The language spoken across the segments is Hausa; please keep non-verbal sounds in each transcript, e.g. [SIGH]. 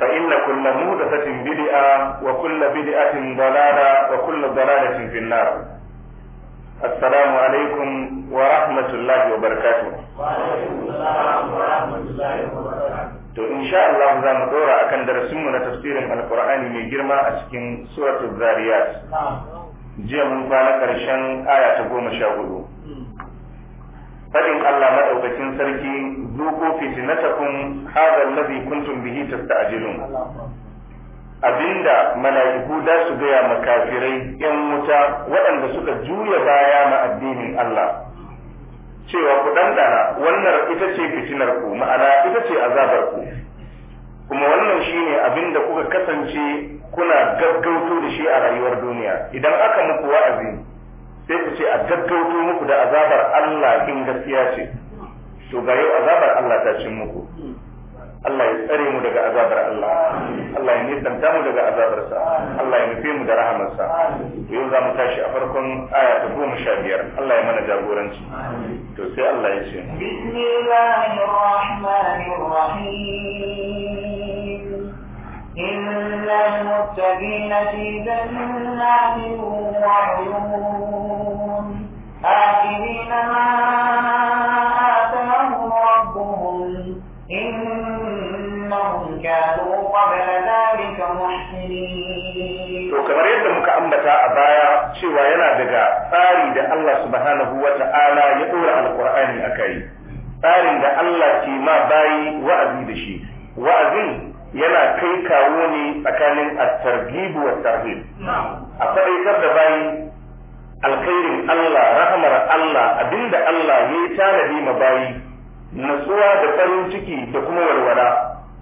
فإن كل مهدثة بدعة وكل بدعة ضلالة وكل ضلالة في النار السلام عليكم ورحمة الله وبركاته وعليكم السلام ورحمة الله وبركاته to insha Allah za mu dora akan darasinmu na tafsirin alkur'ani mai girma a cikin suratul zariyat jiya mun kwana karshen aya ta goma sha hudu Allah madaukakin sarki ذوقوا فتنتكم هذا الذي كنتم به تستعجلون abinda mala'iku da su gaya makafirai ‘yan wuta waɗanda suka juya baya ma addinin Allah cewa ku dana wannan ita ce fitinar ku ma'ana ita ce azabar ku kuma wannan shine abinda kuka kasance kuna gaggauto da shi a rayuwar duniya idan aka muku wa'azi sai ku ce a gaggauto muku da azabar Allah in gaskiya ce to ga yau azabar Allah ta cin muku Allah ya tsare mu daga azabar Allah Allah ya nisanta mu daga azabarsa Allah ya nufi mu da rahamarsa to yau za mu tashi a farkon aya ta goma sha biyar Allah ya mana jagoranci to sai Allah ya ce bismillahirrahmanirrahim innal muttaqina fi jannatin wa آخذين ما آتاهم ربهم إنهم كانوا قبل ذلك محسنين وكما tsari da Allah subhanahu wa ta'ala ya ɗora alƙur'ani a kai tsarin da Allah ke ma bayi wa'azi da shi wa'azin yana kai kawo ne tsakanin at-targhib wa tarhib a faɗaitar da bayi alkhairin Allah rahamar Allah abinda Allah ya yi tanadi ma bayi natsuwa da farin ciki da kuma warwara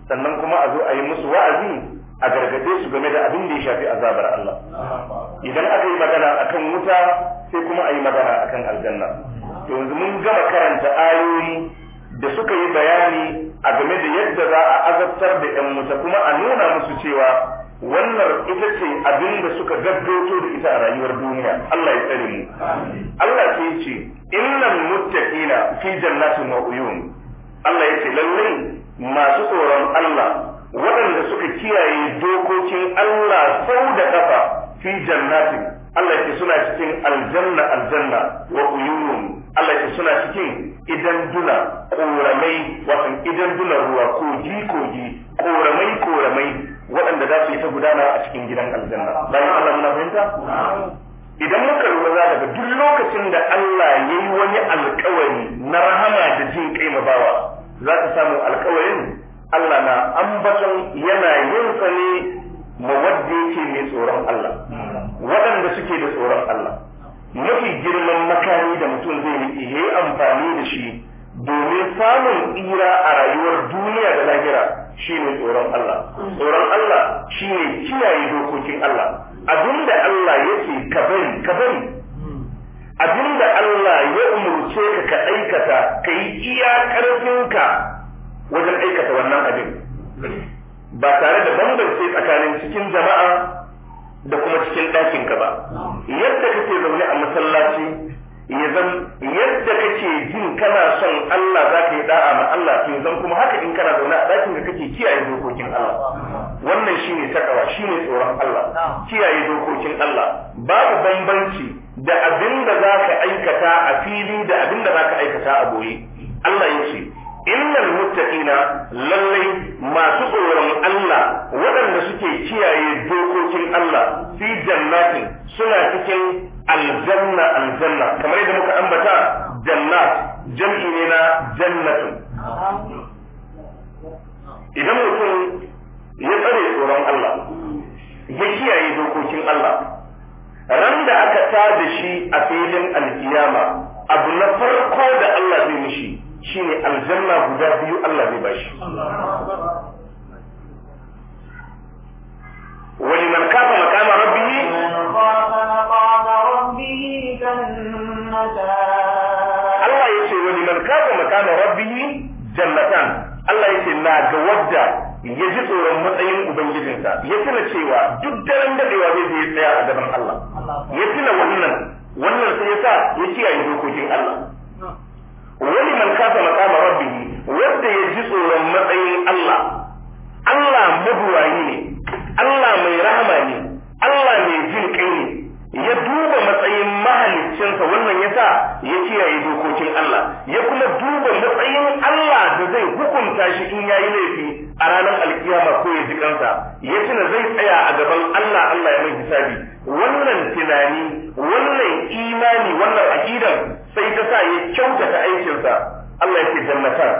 sannan kuma a zo a yi musu wa'azi a gargade su game da abin da ya shafi azabar Allah idan aka yi magana akan wuta sai kuma a yi magana akan aljanna yanzu mun gama karanta ayoyi da suka yi bayani a game da yadda za a azabtar da 'yan wuta kuma a nuna musu cewa wannan ita ce abin da suka gaggauto da ita a rayuwar duniya Allah ya tsare mu Allah sai ce innal muttaqina fi jannatin ma'uyun Allah ya ce lallai masu tsoron Allah waɗanda suka kiyaye dokokin Allah sau da ƙafa, fi jannatin Allah ya suna cikin aljanna aljanna wa uyun Allah ya suna cikin idan duna koramai wato idan duna ruwa kogi-kogi, koramai koramai waɗanda za su yi ta gudana a cikin gidan aljanna bayan Allah muna fahimta idan muka lura za daga duk lokacin da Allah ya yi wani alkawari na rahama da jin kai bawa za ka samu alkawarin Allah na ambaton yana yin sa ne wadda yake mai tsoron Allah waɗanda suke da tsoron Allah mafi girman makami da mutum zai yi amfani da shi domin samun tsira a rayuwar duniya da lahira shine tsoron Allah tsoron Allah shine kiyaye dokokin Allah abinda Allah yake ka bari ka bari abinda Allah ya umurce ka ka aikata ka yi iya ƙarfinka wajen aikata wannan abin ba tare da bambance tsakanin cikin jama'a da kuma cikin ɗakinka ba yadda kake zaune a masallaci ya zan yadda kake jin kana son Allah za ka yi da'a ma Allah to zan kuma haka in kana zauna a dakin da kake kiyaye dokokin Allah wannan shine takawa shine tsoron Allah kiyaye dokokin Allah babu bambanci da abin da za ka aikata a fili da abin da za ka aikata a boye Allah ya ce innal muttaqina lallai masu tsoron Allah waɗanda suke kiyaye dokokin Allah fi jannatin suna cikin aljanna aljanna kamar yadda muka ambata Janna, jam'i ne na Jannatin. idan mutum ya tsare tsoron Allah ya kiyaye dokokin Allah ran da aka da shi a filin alkiyama abu na farko da Allah zai mishi shine aljanna guda biyu Allah zai bashi Wani خاف مقام kafa makama rabbihi jannatan Allah yake na ga wadda ya ji tsoron matsayin ubangijinsa ya tuna cewa duk daren dadewa zai je tsaya a gaban Allah ya tuna wannan wannan sai ya sa ya kiyaye dokokin Allah wani man kafa makama rabbihi wadda ya ji tsoron matsayin Allah Allah mabuwayi ne Allah mai rahama ne Allah mai jin kai ne ya duba matsayin mahaliccinsa wannan ya sa ya kiyaye Allah ya kuma duba matsayin Allah da zai hukunta shi in yayi laifi a ranar alkiyama ko ya ji kansa ya tuna zai tsaya a gaban Allah Allah ya mai hisabi wannan tunani wannan imani wannan aqidan sai ta sa ya kyautata aikinsa Allah ya ce jannatan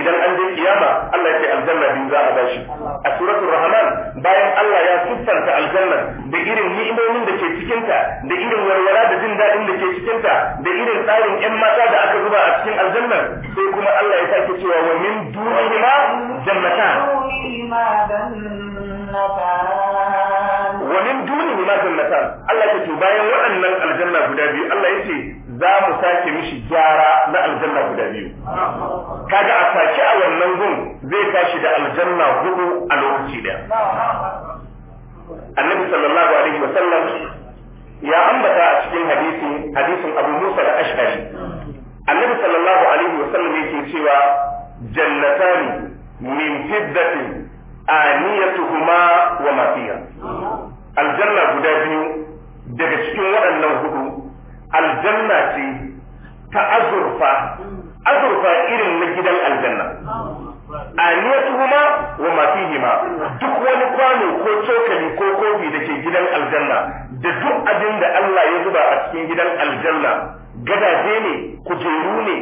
idan an je kiyama Allah ya ce aljanna biyu za a bashi a suratul rahman bayan Allah ya siffanta aljanna da irin ni'imomin da ke cikinta da irin walwala da jin daɗin da ke cikinta da irin tsarin 'yan mata da aka zuba a cikin aljannar sai kuma Allah ya sake cewa wa min dunihima jannata wa min dunihima jannata Allah ya ce bayan waɗannan aljanna guda biyu Allah ya ce za mu sake mishi gyara na aljanna guda biyu kaga a sake a wannan gun zai tashi da aljanna hudu a lokaci ɗaya annabi sallallahu alaihi sallam ya ambata a cikin hadisi hadisin Abu Musa da Ash'ari Annabi sallallahu alaihi wa sallam yake cewa jannatani min fiddatin aniyatuhuma wa mafiya. aljanna guda biyu daga cikin waɗannan hudu aljanna ce ta azurfa azurfa irin na gidan aljanna aniyatuhuma wa ma duk wani kwano ko cokali ko kofi da ke gidan aljanna da duk abin da Allah ya zuba a cikin gidan aljanna gadaje ne kujeru ne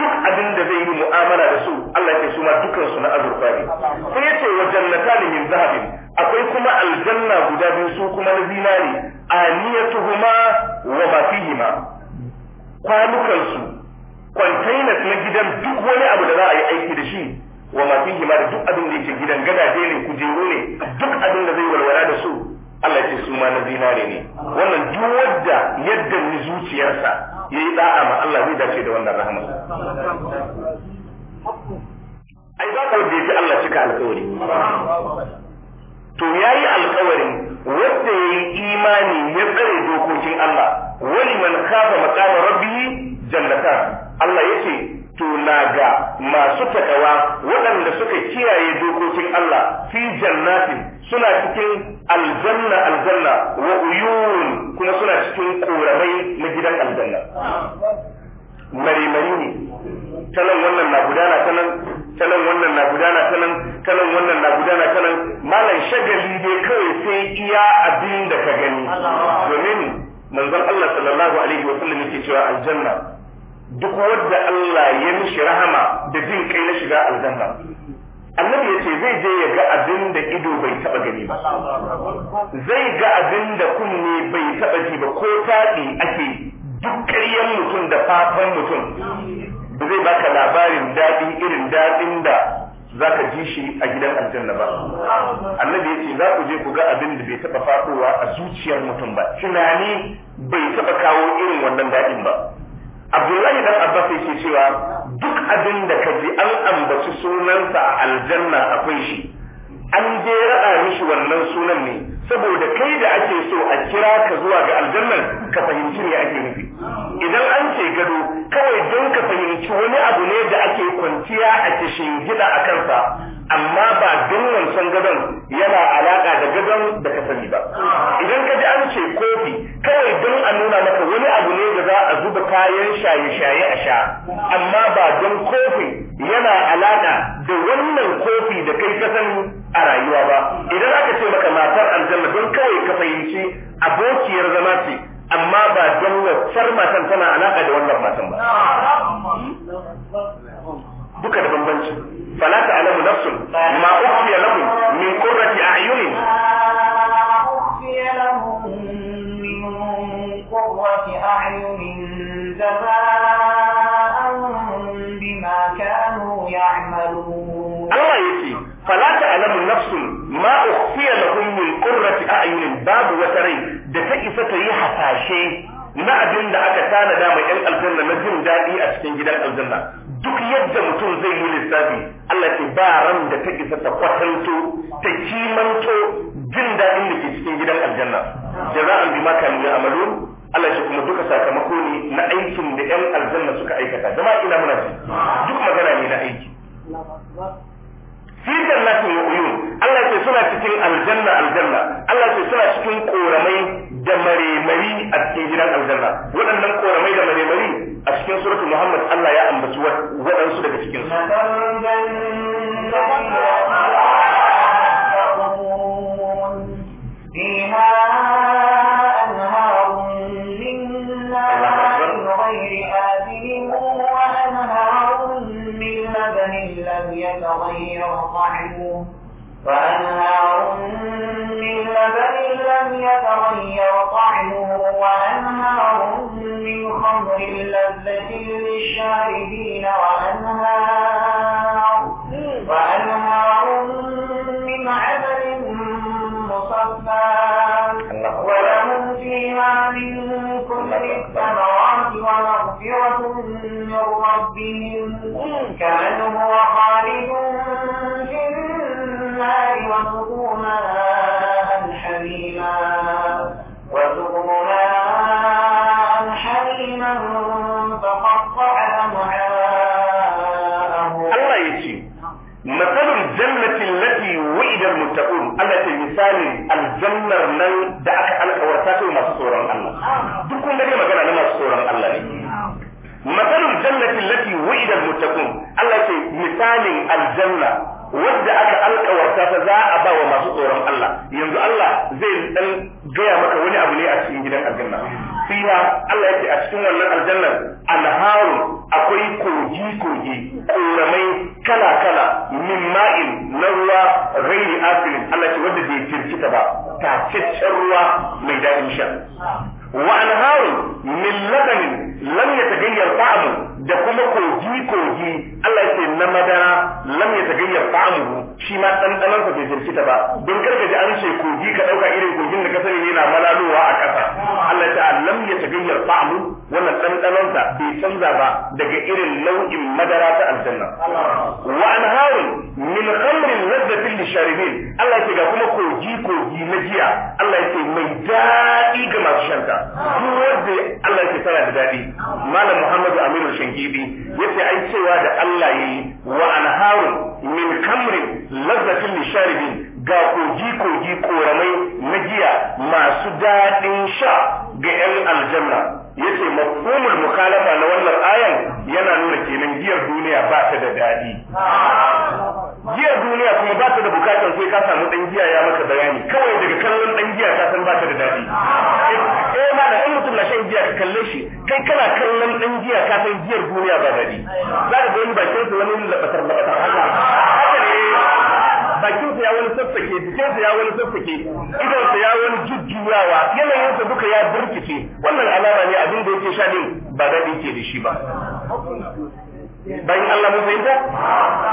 duk abin da zai yi mu'amala da su Allah ya su ma dukan na azurfa ne sai ya ce wa jannata min zahabin akwai kuma aljanna guda biyu su kuma na zinari aniyatuhuma wa ma fihima kwanukan su na gidan duk wani abu da za a yi aiki da shi wa ma da duk abin da yake gidan gadaje ne kujeru ne duk abin da zai walwala da su Allah ce su ma na zinare ne wannan duk wadda yadda ni zuciyarsa ya yi da'a ma Allah zai dace da wannan rahama ai ba ka da Allah cika alƙawari to ya yayi alƙawarin wanda yi imani ya tsare dokokin Allah wani man kafa maqama rabbi jannatan Allah ya ce. to na ga masu takawa waɗanda suka kiyaye dokokin Allah fi jannatin suna cikin aljanna aljanna wa uyun kuma suna cikin ƙoramai na gidan aljanna marimari ne kalan wannan na gudana talan kalan wannan na gudana talan kalan wannan na gudana talan malam shagali dai kawai sai iya abin da ka gani domin manzon Allah sallallahu alaihi wa sallam yake cewa aljanna duk wadda Allah ya mishi rahama da jin kai na shiga aljanna annabi ya ce zai je ya ga abin da ido bai taba gani ba zai ga abin da kunne bai taba ji ba ko taɗi ake duk ƙaryan mutum da fafan mutum zai baka labarin daɗi irin daɗin da zaka ji shi a gidan aljanna ba annabi ce za ku je ku ga abin da bai taba faɗowa a zuciyar mutum ba tunani bai taba kawo irin wannan daɗin ba Abdullahi dan Abbas yake cewa duk abin da ka ji an ambaci sunansa a aljanna akwai shi an je raɗa mishi wannan sunan ne saboda kai da ake so a kira ka zuwa ga aljannan ka fahimci me ake nufi idan an ce gado kawai don ka fahimci wani abu ne da ake kwanciya a kishin gida a kansa amma ba don wancan gadon yana alaka da gadon da ka sani ba idan ka ji an ce kofi kawai don a nuna maka wani abu ne da za a zuba kayan shaye-shaye a sha amma ba don kofi yana alaƙa da wannan kofi da kai ka sani a rayuwa ba idan aka ce maka matar aljanna don kawai ka fahimci abokiyar zama ce amma ba don waccar matan tana alaka da wannan matan ba duka da bambanci فلا تعلم نفس ما أخفي لهم من قرة أعين فلا تعلم نفس ما أخفي لهم من قرة أعين باب وتري دفئ ستي حساشي na abin da aka tana da mai ‘yan aljanna na jin daɗi a cikin gidan aljanna duk yadda mutum zai yi lissafi Allah ke ba ran da ta isa ta kwatanto ta kimanto jin daɗin da ke cikin gidan aljanna da jaza'an bima kanu ya'malun Allah ke kuma duka sakamako ne na aikin da ƴan aljanna suka aikata jama'a ina muna ji duk magana ne na aiki aljanna wadda aka alkawarta ta za a ba wa masu tsoron Allah yanzu Allah zai dan gaya maka wani abu ne a cikin gidan aljanna fiha Allah yake a cikin wannan aljannar alharu akwai kogi kogi koramai kala kala min ma'in na ruwa ghairi asilin Allah ce wanda bai firkita ba tacaccen ruwa mai daɗin sha wa alharu min ladanin lam yatagayyar ta'amu da kuma kogi kogi Allah ya ce na madara lam ya tagayyar ta'amuhu shi ma ɗanɗanon sa bai jirkita ba don karka ji an ce kogi ka ɗauka irin kogin da ka sani yana malalowa a ƙasa Allah ya ce lam ya tagayyar ta'amu wannan ɗanɗanon sa bai canza ba daga irin nau'in madara ta aljanna wa anharun min khamrin ladatin lisharibin Allah ya ce ga kuma kogi kogi na jiya Allah ya ce mai daɗi ga masu shanta duk wanda Allah ya ce tana da daɗi malam Muhammadu Aminu Shangibi yace ai cewa da Allah yi wa anharu min kamrin lazzatin lisharibin ga kogi kogi koramai na giya masu daɗin sha ga 'yan aljanna yace mafhumul mukalafa na wannan ayan yana nuna kenan giyar duniya ba ta da daɗi giyar duniya kuma ba ta da bukatar sai ka samu ɗan giya ya maka bayani kawai daga kallon ɗan giya ka san ba ta da daɗi eh, eh ma in giya ka kalle shi kai kana kallon ɗan giya ka san giyar duniya ba gari za ka gani wani bakin sa wani labatar labatar haka haka ne bakin sa ya wani sassake jikin sa ya wani sassake idan sa ya wani jujjuyawa yanayin sa duka ya burkice wannan alama ne abin da yake sha ba daɗi ke da shi ba bayan Allah mun fahimta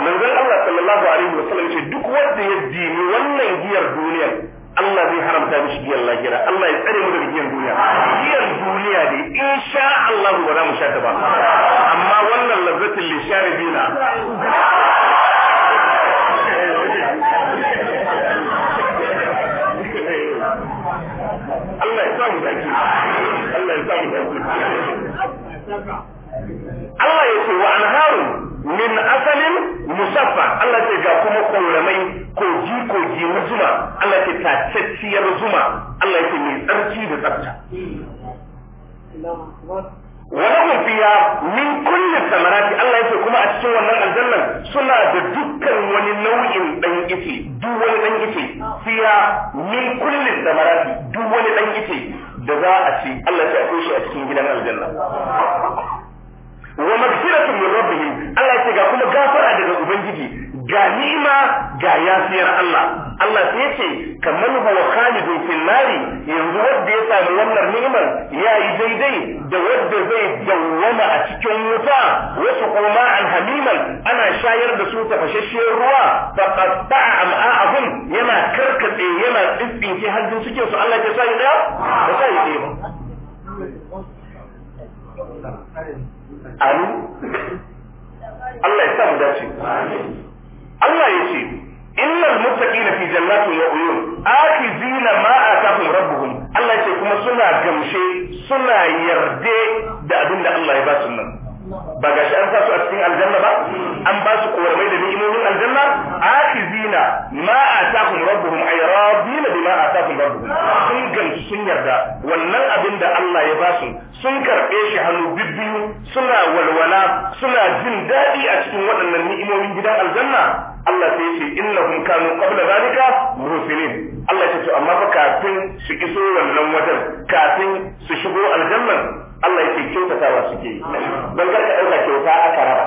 manzon Allah sallallahu alaihi wasallam ce duk wanda ya dini wannan giyar duniya الله بي حرمتا بشي الله جرا الله يسعر مدى بجيان دوليا جيان دوليا دي إن شاء الله ولا مشاتبا أما ولا اللذة اللي شاري دينا الله يسعر مدى الله يسعر مدى الله يسعر وأنهار من أثل من أثل musaffa Allah ce ga kuma koramai koji koji na zuma Allah ce tacacciyar zuma Allah ce mai tsarki da tsafta wani mafiya min kulle samarati Allah ya ce kuma a cikin wannan aljannan suna da dukkan wani nau'in dan ice duk wani dan ice fiya min kulle samarati duk wani dan ice da za a ci Allah ya akwai shi a cikin gidan aljanna wa magfiratun min rabbihim Allah yake ga kuma gafara daga ubangiji ga ni'ima ga yasiyar Allah Allah sai yace kamar huwa khalidun fil nari yanzu wanda ya samu wannan ni'imar ya yi daidai da wanda zai dawwama a cikin wuta wasu koma an hamiman ana shayar da su tafashashshiyar ruwa a am'a'ahum yana karkade yana har hanjin suke su Allah ya sa ya da sa ya ba Allah ya sa mu dace Allah ya ce innal na fi jannatin wa uyun zina ma rabbuhum Allah ya ce kuma suna gamshe suna yarde da abin da Allah ya ba su nan ba ga shi an sa su a cikin aljanna ba an ba su da ni'imomin aljanna akizina ma atahum rabbuhum ay radina bima atahum rabbuhum sun gamsu sun yarda wannan abin da Allah ya ba su sun karbe shi hannu bibbiyu suna walwala suna jin daɗi a cikin waɗannan ni'imomin gidan aljanna Allah sai ce innahum kanu qabla zalika mursilin Allah ya ce amma fa kafin su iso wannan wajen kafin su shigo aljannan Allah yake kyautatawa suke yi don karka ɗauka kyauta aka raba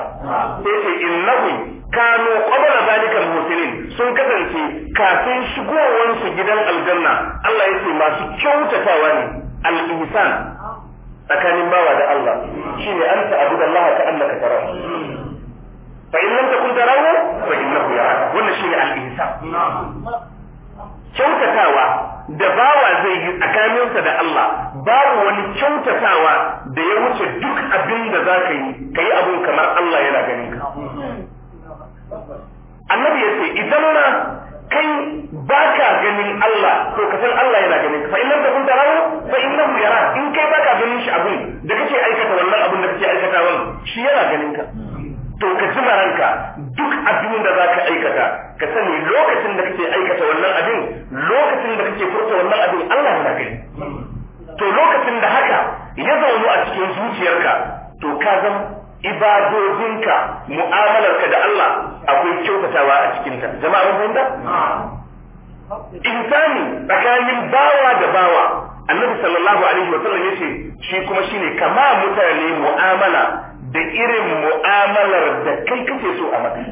sai ce innahu kanu qabla zalikal muslimin sun kasance kafin shigowar su gidan aljanna Allah yake masu kyautatawa ne al-ihsan tsakanin bawa da Allah shine anta abudallaha ka annaka tarahu fa in lam takun tarahu fa innahu yara wannan shine al-ihsan kyautatawa da bawa zai yi tsakaninsa da Allah babu wani kyautatawa da ya wuce duk abin da za ka yi ka yi abin kamar Allah yana ganin ka annabi ya ce idan ma kai ba ka ganin Allah to ka san Allah yana ganin ka fa in lam takun tarahu fa nan yara in kai ba ka ganin shi abin da kake mu'amalarka da Allah akwai kyautatawa a cikinta jama'a mun fahimta insani tsakanin bawa da bawa annabi sallallahu alaihi wa sallam yace shi kuma shine kama mutane mu'amala da irin mu'amalar da kai kake so a maka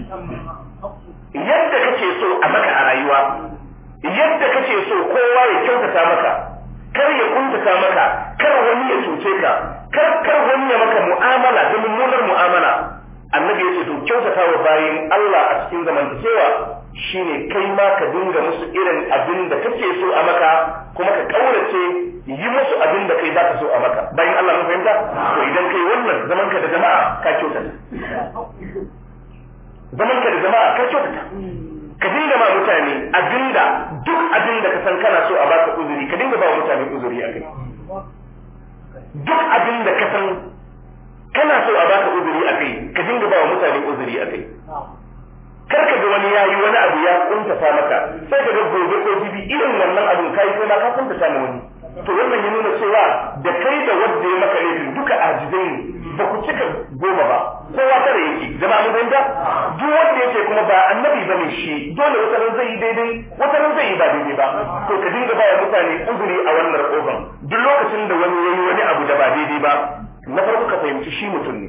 yadda kake so a maka a rayuwa yadda kake so kowa ya kyautata maka kar ya kuntata maka kar wani ya cuce ka kar kar wani ya maka mu'amala da mummunar mu'amala annabi ya ce to kyautata wa bayin Allah a cikin zamantakewa shine kai ma ka dinga musu irin abin da kake so a maka kuma ka kaurace yi musu abin da kai zaka so a maka bayin Allah mun fahimta to idan kai wannan zaman ka da jama'a ka kyautata zaman ka da jama'a ka kyautata ka dinga ma mutane abinda duk abin da ka san kana so a baka uzuri ka dinga ba mutane uzuri a kai duk abin da ka san kana so a baka uzuri a kai ka dinga ba wa mutane uzuri a kai kar ka ga wani yayi wani abu ya kuntata maka sai ka ga gobe ko jibi irin wannan abin kai kai ma ka kuntata ma wani to wannan ya nuna cewa da kai da wanda ya maka laifin duka ajizai ne ba ku cika goma ba kowa tare yake jama'a mun da. duk wanda yake kuma ba annabi bane shi dole wata ran zai yi daidai wata ran zai yi ba daidai ba to ka dinga ba mutane uzuri a wannan kofan duk lokacin da wani yayi wani abu da ba daidai ba na farko ka fahimci shi mutum ne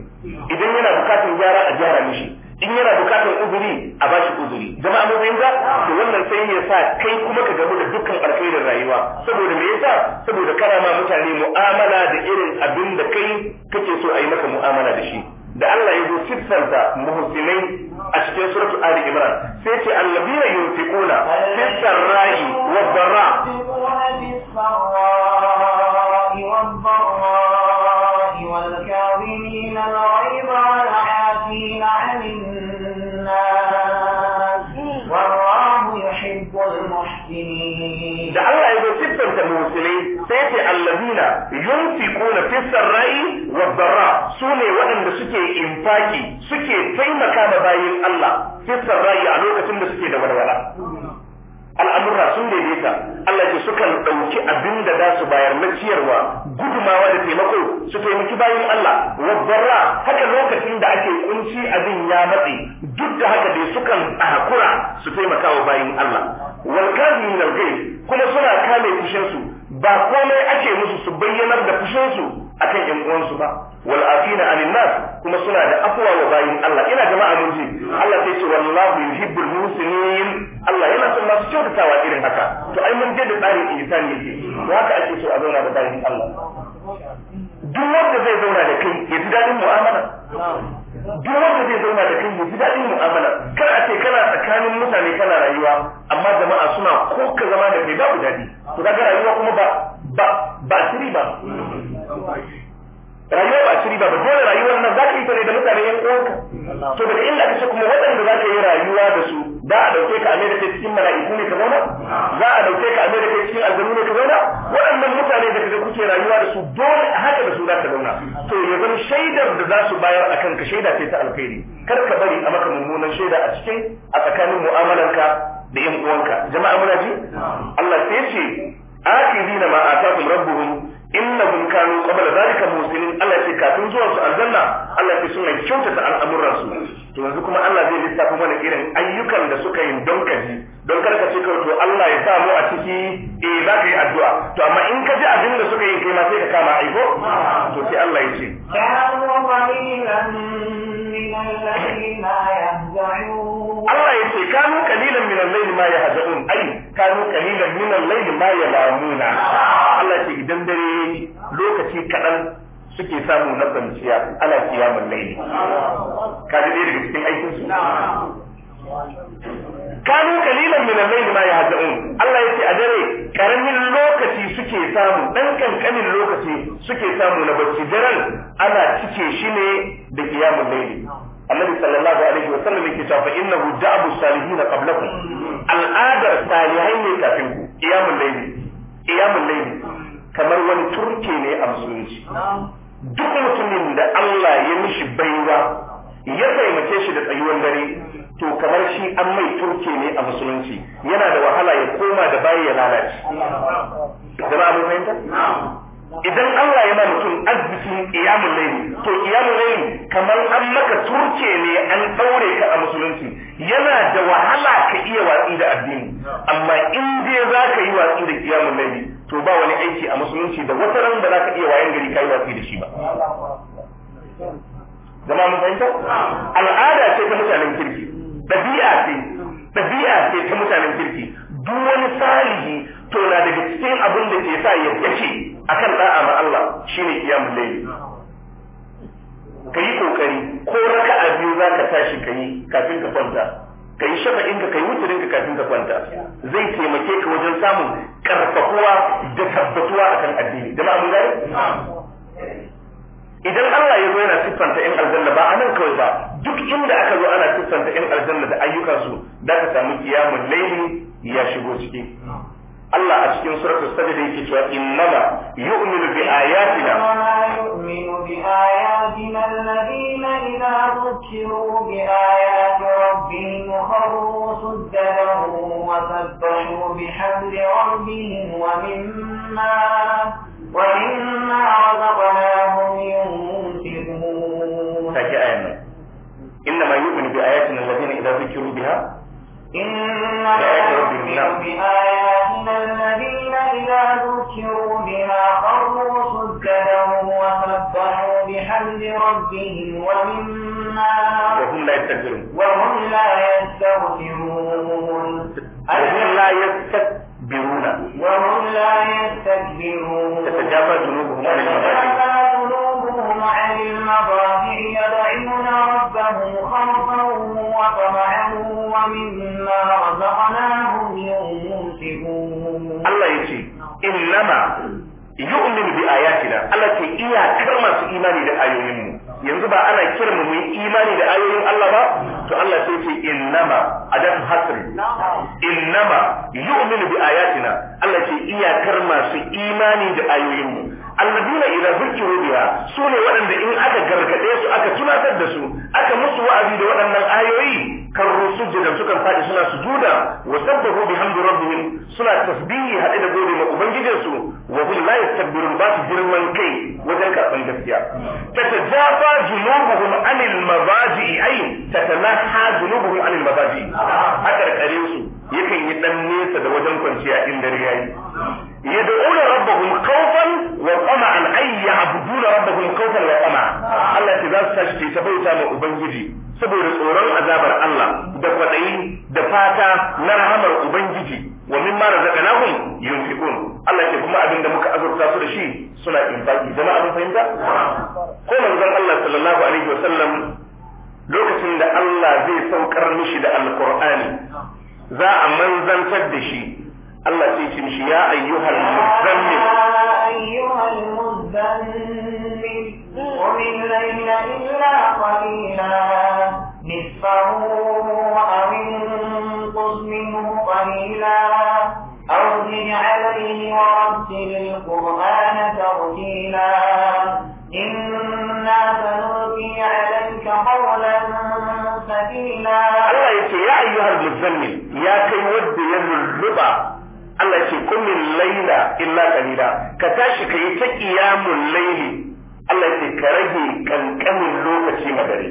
idan yana bukatar gyara a gyara mishi in yana bukatar uzuri a bashi uzuri jama'a mun fahimta to wannan sai ya sa kai kuma ka gamu da dukkan alkhairin rayuwa saboda me yasa saboda kana ma mutane mu'amala da irin abin da kai kake so a yi maka mu'amala da shi da Allah ya zo siffanta muhsinai a cikin suratu Ali Imran sai ce allazina yunfiquna fi sarra'i wa dharra allazina yunfiquna fi sarra'i wa su ne waɗanda suke infaki suke taimaka ma bayin Allah fi sarra'i a lokacin da suke da walwala al'amurra sun daidaita Allah ce sukan ɗauki abin da za su bayar na ciyarwa gudumawa da taimako su taimaki bayin Allah wa bara haka lokacin da ake kunci abin ya matsi duk da haka dai sukan hakura su taimaka wa bayin Allah wal na gai kuma suna kame fushin ba komai ake musu su bayyanar da fushinsu a kan ‘yan uwansu ba, wal afina anin nas kuma suna da afuwa wa bayan Allah, ina jama'a mun ji, Allah sai ce wallahu yuhibbul muslimin Allah yana son masu kyautatawa irin haka, to ai mun je da tsarin ne ke, to haka ake so a zauna da bayin Allah. Duk wanda zai zauna da kai ya ji daɗin mu'amala. duk wanda zai zauna da kai ya ji daɗin mu'amala kar a ce kana tsakanin mutane kana rayuwa amma jama'a suna ko ka zama da kai babu daɗi to kaga rayuwa kuma ba ba ba shiri ba rayuwa ba shiri ba ba dole rayuwar nan za ka yi ta ne da mutane yan uwanka to daga inda ce kuma waɗanda za ka yi rayuwa da su za a dauke ka a da kai cikin mala'iku ne ka zauna za a dauke ka a da kai cikin aljanu ne ka zauna waɗannan mutane da kaje kuke rayuwa da su dole haka da su za ka zauna to ya zama shaidar da za su bayar a kanka shaida ce ta alkhairi kar ka bari a maka mummunan shaida a cikin a tsakanin mu'amalanka da yan uwanka jama'a muna ji Allah sai ce akidina ma atakum rabbuhum innahum kanu qabla zalika muslimin Allah ce kafin zuwan su aljanna Allah ce suna kyautata al'amuran su to yanzu kuma Allah zai lissafa mana irin ayyukan da suka yi don ka ji don kar ka ce kawai to Allah ya sa mu a ciki eh za ka yi addu'a to amma in ka ji abin da suka yi kai ma sai ka kama aiko to sai Allah ya ce Allah ya ce kanu kalilan min al-layli ma yahza'un ai kanu kalilan min al-layli ma yalamuna Allah ya ce idan dare lokaci kadan suke samu na kwanciya ala kiyamun laili ka ji daga cikin aikin su kanu kalilan min al-layli ma yahza'un Allah yake a dare karamin lokaci suke samu dan kankanin lokaci suke samu na bacci daren ana cike shi ne da kiyamul layli Annabi sallallahu alaihi wa sallam yake cewa innahu da'bu salihin qablakum al'adar salihai ne kafin ku kiyamul layli kiyamul layli kamar wani turke ne a musulunci duk mutumin da Allah ya mishi baiwa ya taimake shi da tsayuwar dare to kamar shi an mai turke ne a musulunci yana da wahala ya koma da baya ya lalace abin mun fahimta idan Allah ya ma mutum arzikin iyamun layli to iyamun layli kamar an maka turke ne an daure ka a musulunci yana da wahala ka iya watsi da addini amma in dai zaka yi watsi da iyamun layli to ba wani aiki a musulunci da wata ran da za ka iya wayan gari kai wasi da shi ba zama mun fahimta al'ada ce ta mutanen kirki dabi'a ce dabi'a ce ta mutanen kirki duk wani salihi to na daga cikin abin da ke sa ya yake akan da'a ma Allah shine kiyamul layl kai kokari ko a biyu zaka tashi yi kafin ka kwanta ka yi shafa'in ka ka yi wuturinka kafin ka kwanta zai taimake ka wajen samun karfafuwa da tabbatuwa akan addini da mun gani idan Allah ya zo yana siffanta in aljanna ba nan kawai ba duk inda aka zo ana siffanta in aljanna da ayyukansu da ka samu kiyamun laili ya shigo ciki الله أشكين سورة السجد يتشوى إنما يؤمن بآياتنا يؤمن بآياتنا الذين إذا ذكروا بآيات ربهم خروا سجدا وسبحوا بحمد ربهم ومما ومما رزقناهم ينفقون. آية إنما يؤمن بآياتنا الذين إذا ذكروا بها إنما يؤمن نعم. بآياتنا إن الذين إذا ذكروا بها خروا سجدهم وسبحوا بحمد ربهم ومما وهم لا يستكبرون وهم لا يستغفرون وهم لا يستكبرون وهم لا يستكبرون تتجافى ذنوبهم عن المضاجع يدعون ربهم خوفا وطمعا ومما رزقناهم ينفقون Allah ya ce innama yu'minu bi ayatina Allah ce iyakar masu imani da ayoyinmu yanzu ba ana kiran mu yi imani da ayoyin Allah ba to Allah sai ce innama adam hasri innama yu'minu bi ayatina Allah ce iyakar masu imani da ayoyinmu alladina idza zukiru su sune waɗanda in aka gargaɗe su aka tunatar da su aka musu wa'azi da waɗannan ayoyi karru sujjadan sukan faɗi suna sujuda wa sabbahu bihamdi rabbihim suna tasbihi haɗe da gode ma ubangijinsu wa hum la yastakbirun ba su girman kai wajen karɓan gaskiya tatajafa junubuhum anil mabaji'i ai tatanaha junubuhum anil mabaji'i a karkare su yakan yi dan nesa da wajen kwanciya in dare yayi yad'una rabbahum khawfan wa tama'an ay ya'buduna rabbahum khawfan wa tama'an Allah ya za su tashi ta bauta ma ubangiji saboda tsoron azabar Allah da kwaɗayi da fata na rahamar Ubangiji wa mimma razaqnahum yunfiqun Allah ce kuma abin da muka azurta su da shi suna infaki zama abin fahimta ko manzon Allah sallallahu alaihi wasallam lokacin da Allah zai saukar mishi da alqur'ani za a manzantar da shi Allah sai cin shi ya ayyuhal muzammil ayyuhal muzammil الليل إلا قليلا نصفه أو انقص منه قليلا أو زد عليه ورتل القرآن ترتيلا إنا سنلقي عليك قولا ثقيلا الله يقول يا أيها المزمل يا كي ود يذلبا الربا ce kullum كل illa إلا ka tashi kai ta qiyamul laili Allah ce ka rage kankanin lokaci na dare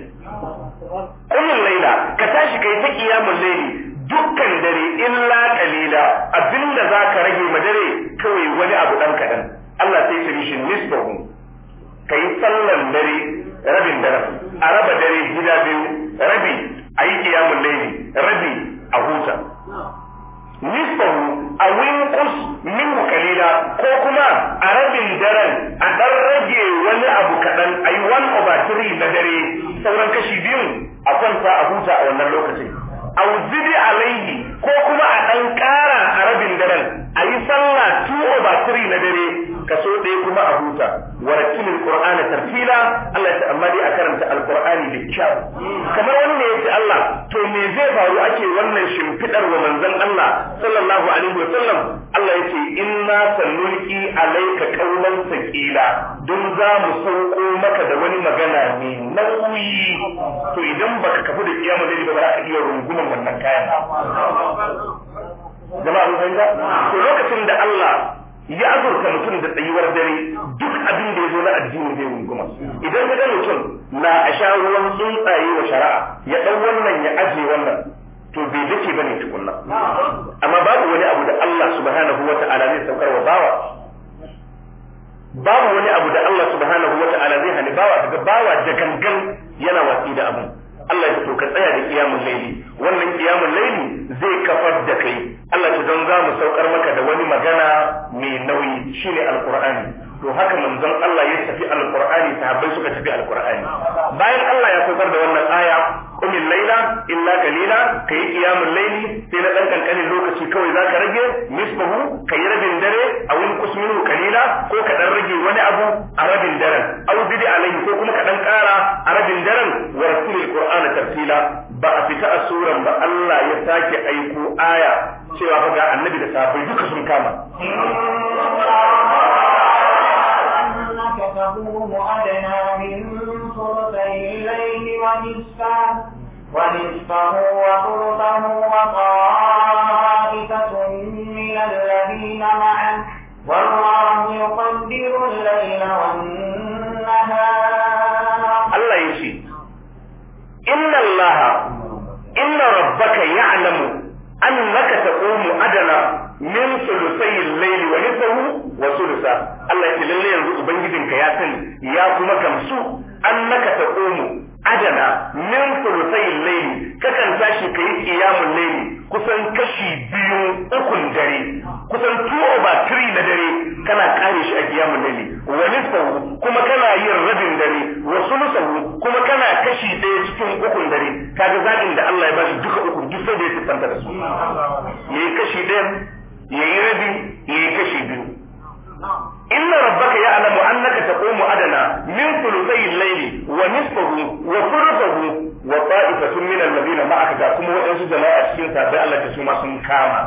kullum laila ka tashi kai ta kiyamun laili dukkan dare illa kalila abinda za ka rage ma dare kawai wani abu ɗan kaɗan Allah sai ce mishi nisbahu kai sallan dare rabin dare a raba dare gida biyu rabi a yi kiyamun laili rabi a huta nisbahu a winkus min kalila ko kuma a rabin daren a ɗan rage wani abu kaɗan a yi one over three na dare sauran kashi biyun a kwanta a huta a wannan lokacin au zidi alaihi ko kuma a ɗan ƙara a rabin daren a yi sallah two over three na dare a huta wa rattilil qur'ana tartila Allah ya amma dai a karanta alqur'ani da kyau kamar wani ne yace Allah to me zai faru ake wannan shimfidar wa manzon Allah sallallahu alaihi wa Allah yace inna sanulqi alayka qawlan saqila dun za mu sauko maka da wani magana mai nauyi to idan baka kafu da kiyama dai ba za ka iya rungumar wannan kayan jama'a mun fahimta to lokacin da Allah ya azurta mutum da tsayuwar dare duk abin da ya zo na addini zai runguma idan ka ga mutum na a sha ruwan tsuntsaye wa shari'a ya ɗan wannan ya aje wannan to bai dace bane tukunna amma babu wani abu da Allah subhanahu wa ta'ala zai saukar wa bawa babu wani abu da Allah subhanahu wa ta'ala zai hana bawa daga bawa da gangan yana watsi da abin Allah ya to ka tsaya da kiyamun laili wannan kiyamun laili zai kafar da kai Allah ya don za mu saukar maka da wani magana mai nauyi shine alqur'ani to haka manzon Allah ya tafi alqur'ani sahabbai suka tafi alqur'ani bayan Allah ya saukar da wannan aya kumin laila illa qalila yi qiyamul layli sai na dan kankanin lokaci kawai zaka rage nisbahu kayi rabin dare aw inqus Kusminu qalila ko ka dan rage wani abu a rabin daren aw zidi alayhi ko kuma ka dan kara a rabin daren wa rasulil qur'ana tartila ba a fita a suran ba Allah ya sake aiko aya cewa fa ga annabi da sahabbai duka sun kama ورزقه وثلثه وطائفة من الذين معه والله يقدر الليل والنهار الله يشيد إن الله إن ربك يعلم أنك تقوم أدنى من ثلثي الليل ونصفه وثلثه الله يشيد الليل ينزل بنجد كياسن يا كمكم سوء أنك تقوم adana min sulusai laili kakan tashi kai qiyamul laili kusan kashi biyu ukun dare kusan 2 over 3 na dare kana kare shi a qiyamul laili wa nisfahu kuma kana yin rabin dare wa sulusahu kuma kana kashi ɗaya cikin ukun dare kaga zaɓin da Allah ya bashi duka uku duk sai da ya tsanta da su yayi kashi ɗaya yayi rabi yayi kashi biyu inna rabbaka ya'lamu annaka taqumu adana min thuluthay al-layli wa nisfahu wa thuluthahu wa ta'ifatun min alladhina ma'aka ga kuma wadansu jama'a cikin sabai Allah ta su ma sun kama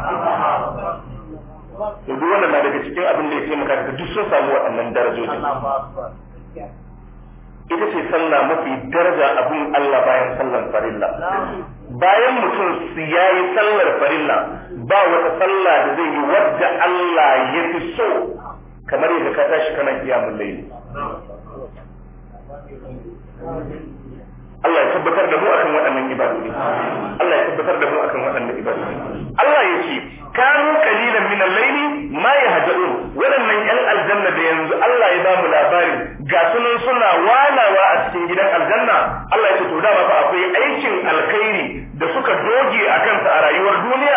to duk wannan na daga cikin abin da ya taimaka ka duk sun samu waɗannan darajoji ita ce sallah mafi daraja abin Allah bayan sallar farilla bayan mutum ya yi sallar farilla ba wata sallah da zai yi wadda Allah ya fi so kamar yadda ka tashi kana mun laili Allah ya tabbatar da mu akan waɗannan ibadodi Allah ya tabbatar da mu akan waɗannan ibadodi Allah ya ce kanu kalilan min al-layli ma yahja'un waɗannan ƴan aljanna da yanzu Allah ya ba mu labari ga sunan suna walawa a cikin gidan aljanna Allah ya ce to da ba akwai aikin alkhairi da suka doge akan sa a rayuwar duniya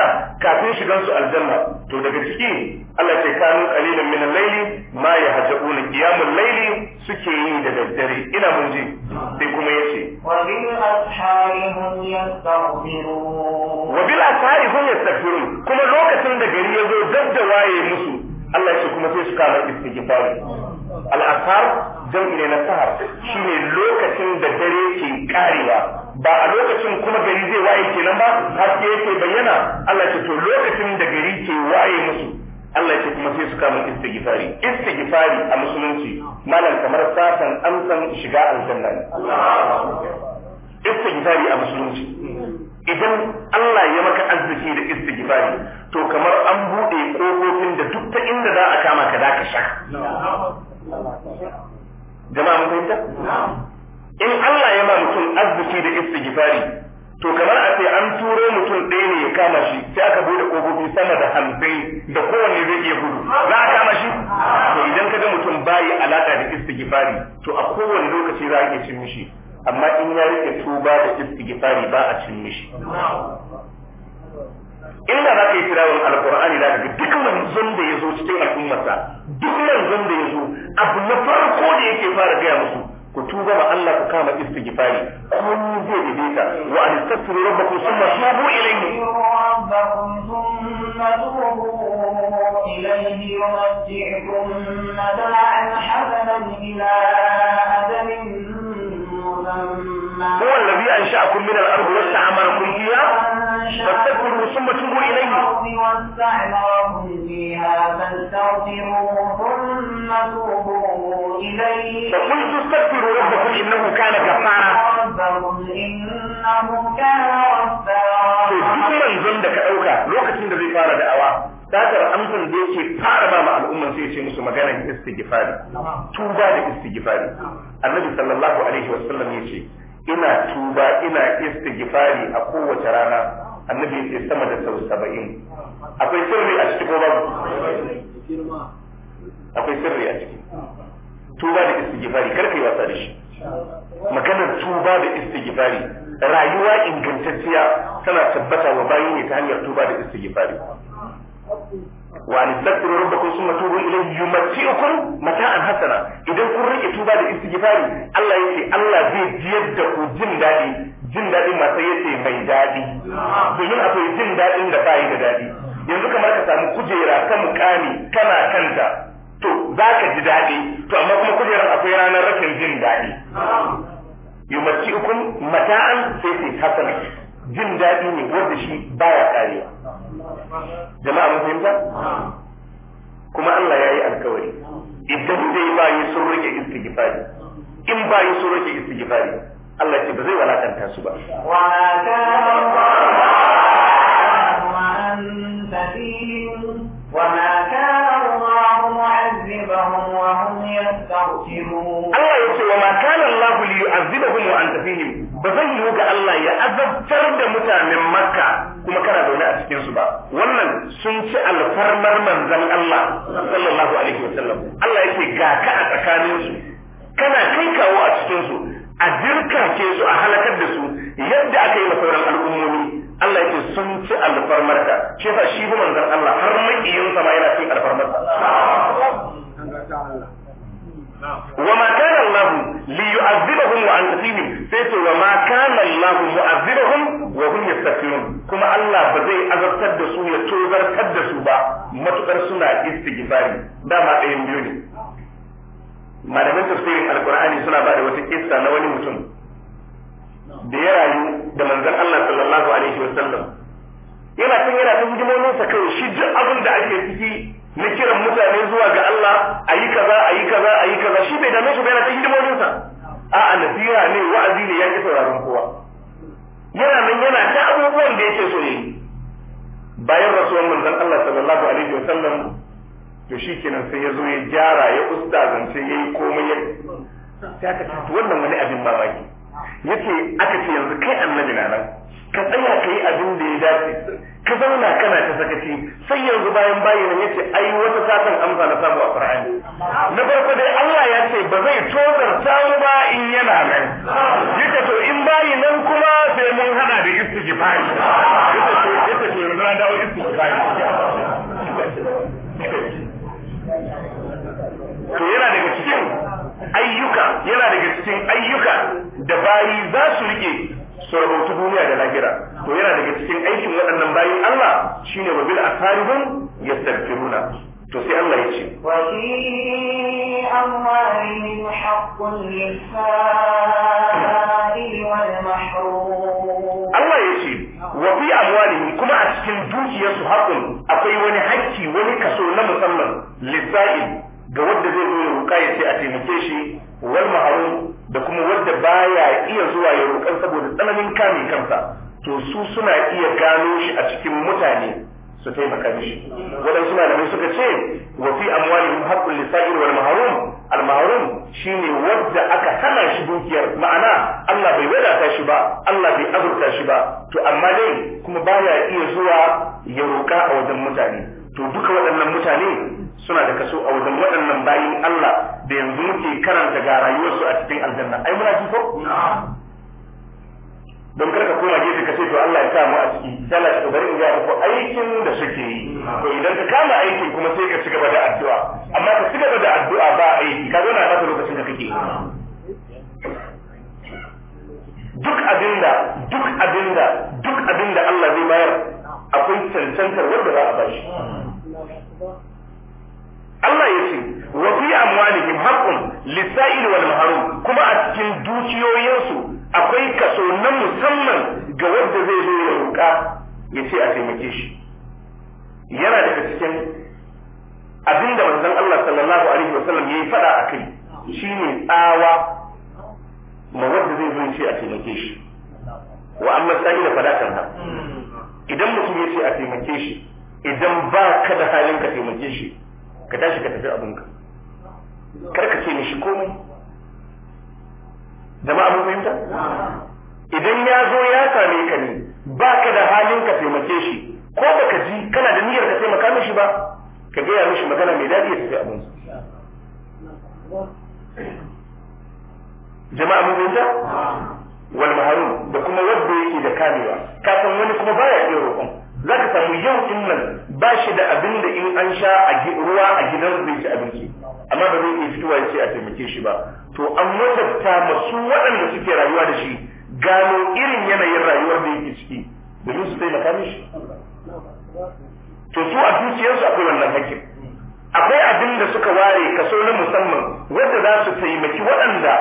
kafin shigan su aljanna to daga ciki Allah ce kanu qalilan min al-layli ma yahjauna qiyamul layli suke yi da daddare ina mun ji sai kuma yace wa bil ashari hum yastaghfirun wa bil ashari hum yastaghfirun kuma lokacin da gari yazo zo musu Allah ya kuma sai su kama istighfar al'asar jam'i ne na sahar ne lokacin da dare ke karewa ba a lokacin kuma gari zai waye kenan ba haske yake bayyana Allah ce to lokacin da gari ke waye musu Allah ce kuma sai su kama istighfari istighfari a musulunci malam kamar satan amsan shiga aljanna istighfari a musulunci idan Allah ya maka arziki da istighfari to kamar an buɗe kofofin da duk ta inda za a kama ka da ka sha jama'a mun fahimta in Allah ya ma mutum arziki da istighfari to kamar a ce an turo mutum ɗaya ne ya kama shi sai aka bude kofofi sama da hamsin da kowanne zai iya gudu za a kama shi to idan ka ga mutum bayi alaka da istighfari to a kowanne lokaci za a iya cin mishi amma in ya rike tuba da istighfari ba a cin mishi inda za ka yi tirawon alkur'ani da duk manzon da ya zo cikin al'ummarsa duk manzon da ya zo abu na farko da yake fara gaya musu ku tuba ma Allah ku kama istighfari komai zai daidaita wa an tastaghfiru rabbakum thumma tubu ilayhi ilayhi wa hasanan ila هو الذي أنشأكم من الأرض وسع عملكم فيها فاستغفروا ثم تبوا إليه فقلت استغفروا ربكم إنه كان كفارا فدك من زندك أوكا لوقت عند ذي فارد أوا تاتر أمتن ديشي فاربا مع الأمة سيشي مسلمكان استجفاري توبا لاستجفاري النبي صلى الله عليه وسلم يشي ina tuba ina istighfari a kowace rana annabi yace sama da sau saba'in akwai sirri a ciki ko babu akwai sirri a ciki tuba da istighfari kar wasa da shi maganar tuba da istighfari rayuwa ingantacciya tana tabbata wa bayi ne ta hanyar tuba da istighfari واستغفروا ربكم ثم توبوا اليه ukun mata'an حسنا idan kun rike tuba da istighfari Allah yace Allah zai jiyar da ku jin daɗi jin daɗi masu yace mai daɗi domin akwai jin daɗin da bai da daɗi yanzu kamar ka samu kujera ka mukami kana kanta to ka ji daɗi to amma kuma kujerar akwai ranar rashin jin dadi ukun mata'an sai sai hasana jin daɗi ne wanda shi baya karewa jama'a mun fahimta kuma Allah ya yi alkawari idan dai bayi sun rage istighfari in bayi sun rage istighfari Allah ce ba zai walakanta su ba wa Allah ya ce wa ma kana Allah li yu'azzibahum wa anta fihim ba zai yi ga Allah ya azabtar da mutanen Makka kuma kana zaune a cikinsu su ba wannan sun ci alfarmar manzan Allah sallallahu alaihi wa sallam. Allah yake ga ka a tsakanin su kana kai kawo a cikinsu, su a dirkace su a halakar da su yadda aka yi masauran al'ummomi Allah yake sun ci alfarmar ka Ke fa shi manzan Allah har makiyin sama yana cin alfarmar sa wa ma kana Allah li yu'azzibahum wa anta fihim sai to wa ma kana Allah mu'azzibahum wa hum yastaghfirun kuma Allah ba zai azabtar da su ya kar da su ba matukar suna istighfari dama ɗayan biyu ne malamin tafsirin alqur'ani suna ba da wata kissa na wani mutum da ya rayu da manzon Allah sallallahu alaihi wasallam yana tun yana ta hidimominsa kai shi duk abin da ake ciki na kiran mutane zuwa ga Allah a yi kaza a yi kaza a yi kaza shi bai dame shi bai na ta hidimominsa a'a Nasira ne wa'azi ne ya ƙi sauraron kowa yana nan yana ta abubuwan da yake so ne bayan rasuwan manzon Allah sallallahu alaihi wasallam to shi kenan sai ya zo ya gyara ya ustazance ya yi komai ya ta ka wannan wani abin mamaki Yake aka ce yanzu kai annabi na nan ka tsaya ka yi abin da ya dace ka zauna kana ta sakaci sai yanzu bayan bayan ya ce ai wata satan amsa na samu a Qur'ani na farko dai Allah ya ce ba zai tozar samu ba in yana nan yace to in bayi nan kuma sai mun hada da istijfari yace to yace to yanzu an dawo istijfari to yana daga cikin ayyuka yana daga cikin ayyuka da bayi za su rike su rabautu duniya da lahira to yana daga cikin aikin waɗannan bayin Allah shine wa bil asarihum yastaghfiruna to sai Allah ya ce wa fi amwalihim haqqun lis wal mahrum Allah ya ce wa fi amwalihim kuma a cikin dukiyarsu haqqun akwai wani hakki wani kaso na musamman lis ga wanda zai zo ya ruka ya ce a taimake shi wal mahrum da kuma wanda baya iya zuwa ya roƙan saboda tsananin kame kansa to su suna iya gano shi a cikin mutane su taimaka mishi da mai suka ce wa fi amwalihim haqqul lisa'il wal mahrum al mahrum shine wanda aka hana shi dukiyar ma'ana Allah bai wadata shi ba Allah bai azurta shi ba to amma dai kuma baya iya zuwa ya roƙa a wajen mutane to duka waɗannan mutane suna da kaso a wajen waɗannan bayin Allah da yanzu muke karanta ga rayuwarsu a cikin aljanna ai muna ji ko don kar ka koma gefe ka ce to Allah ya sa mu a ciki sala ta bari in ga ku aikin da suke yi to idan ka kama aikin kuma sai ka cigaba da addu'a amma ka cigaba da addu'a ba aiki ka zauna masa lokacin da kake duk abinda duk abinda duk abinda Allah zai bayar akwai cancantar wanda za a bashi Allah ya ce wa fi amwalihim haqqun lis-sa'il wal mahrum kuma a cikin dukiyoyinsu akwai kaso na musamman ga wanda zai zo ya roƙa ya ce a taimake shi yana daga cikin abinda manzon Allah sallallahu alaihi wasallam yayi fada akai shine tsawa ma wanda zai zo ya ce a taimake shi wa amma da fada kan idan mutum ya ce a taimake shi idan ba ka da halin ka taimake shi ka tashi ka tafi abinka kar ka ce shi komai jama'a mun fahimta idan ya zo ya same ka ne ba ka da halin ka taimake shi ko ba ka ji kana da niyyar ka taimaka mishi ba ka gaya mishi magana mai daɗi ya tafi abinsa jama'a mun fahimta wal maharun da kuma wanda yake da kamewa kafin wani kuma baya iya roƙon za ka samu yau din nan ba shi da abin da in an sha a ruwa a gidan zai ci abinci amma ba zai iya fitowa ya ce a taimake shi ba to an wajabta masu waɗanda suke rayuwa da shi gano irin yanayin rayuwar da yake ciki domin su taimaka mishi to su a zuciyarsu akwai wannan hakkin akwai abin da suka ware kaso na musamman wanda za su taimaki waɗanda